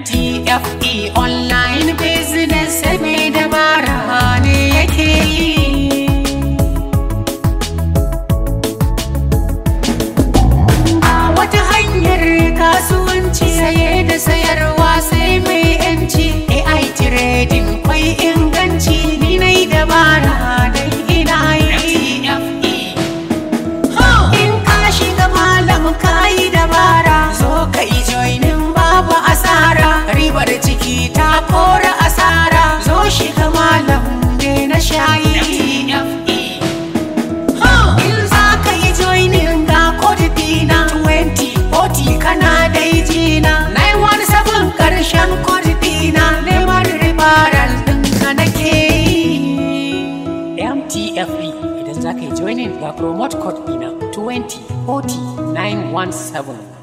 MTFE ออนไลน์ kora asara zo shiga malam ne na shayi e e. in za ka yi joinin ga kodi dina 20 40 kana dai jina 917 karshen kodi dina neman ribaral ɗinka nake mtfe idan za ka yi joinin ga promote code dina 917